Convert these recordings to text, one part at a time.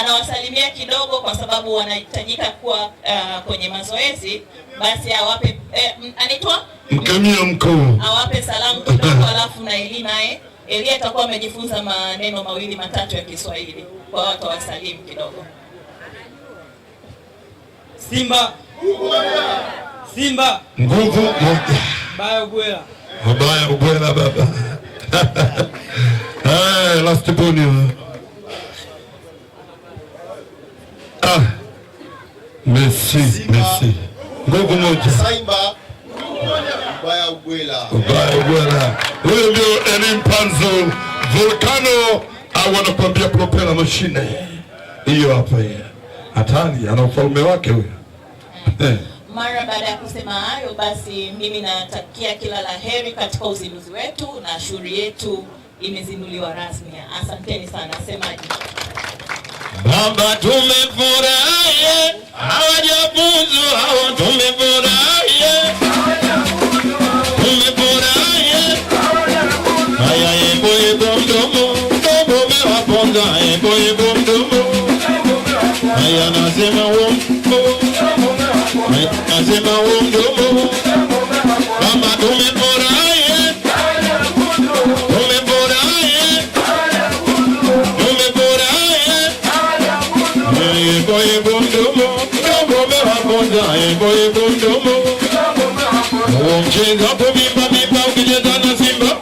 anawasalimia kidogo, kwa sababu wanahitajika kuwa uh, kwenye mazoezi, basi awape eh, anaitwa mkamia mkuu, awape salamu kidogo, alafu na Eli naye Eli atakuwa amejifunza maneno mawili matatu ya Kiswahili, kwa watu wasalimu kidogo. Simba Simba, nguvu moja, mbaya ubwela, mbaya ubwela baba. Hey, last boni Ah, merci, merci. Nguvu moja. Simba ubaya ubwela. Ubaya ubwela. Huyo ndio Elim Panzo Volcano au wanakuambia propela mashine. Hiyo hapa hiyo. Hatari ana ufalme wake huyo. Eh. Mara baada ya kusema hayo basi, mimi natakia kila la heri katika uzinduzi wetu na shughuli yetu imezinduliwa rasmi. Asanteni sana, semaji. Baba tumefurahi, hawajafuzu hao, tumefurahi, tumefurahi. Haya, hebu hebu mdomo mdomo umewaponza, hebu hebu mdomo. Haya, nasema huo mdomo, nasema huo mdomo Ukicheza hapo bimba bimba, ukicheza na Simba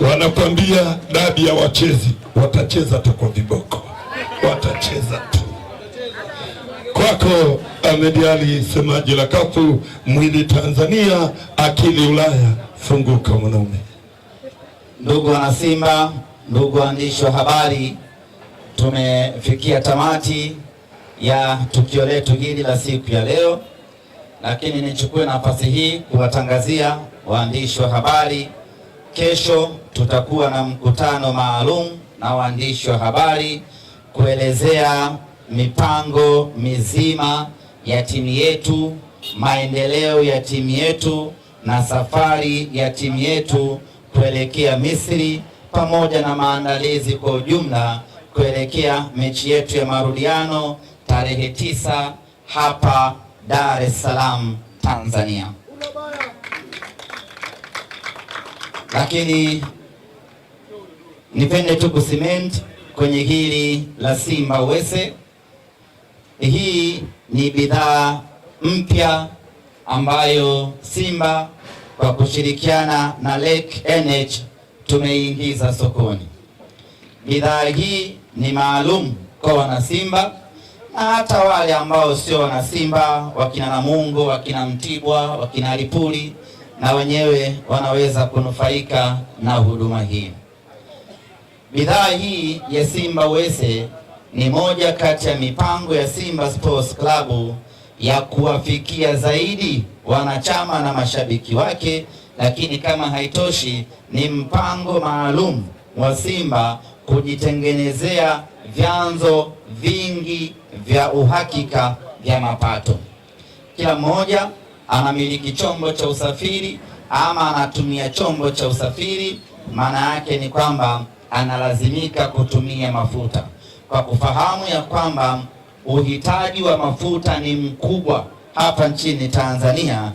wanakwambia dabi ya wachezi, watacheza tu kwa viboko, watacheza tu kwako. Ahmed Ally, semaji la kafu, mwili Tanzania, akili Ulaya. Funguka mwanaume. Ndugu wanasimba, ndugu waandishi wa habari, tumefikia tamati ya tukio letu hili la siku ya leo lakini nichukue nafasi hii kuwatangazia waandishi wa habari, kesho tutakuwa na mkutano maalum na waandishi wa habari kuelezea mipango mizima ya timu yetu, maendeleo ya timu yetu na safari ya timu yetu kuelekea Misri pamoja na maandalizi kwa ujumla kuelekea mechi yetu ya marudiano tarehe tisa hapa Dar es Salaam, Tanzania. Lakini nipende tu kucement kwenye hili la Simba Wese. Hii ni bidhaa mpya ambayo Simba kwa kushirikiana na Lake NH tumeingiza sokoni. Bidhaa hii ni maalum kwa wana simba na hata wale ambao sio wana Simba, wakina Namungo, wakina Mtibwa, wakina Lipuli na wenyewe wanaweza kunufaika na huduma hii. Bidhaa hii ya Simba Uwese ni moja kati ya mipango ya Simba Sports Club ya kuwafikia zaidi wanachama na mashabiki wake, lakini kama haitoshi, ni mpango maalum wa Simba kujitengenezea vyanzo vingi vya uhakika vya mapato. Kila mmoja anamiliki chombo cha usafiri ama anatumia chombo cha usafiri, maana yake ni kwamba analazimika kutumia mafuta, kwa kufahamu ya kwamba uhitaji wa mafuta ni mkubwa hapa nchini Tanzania.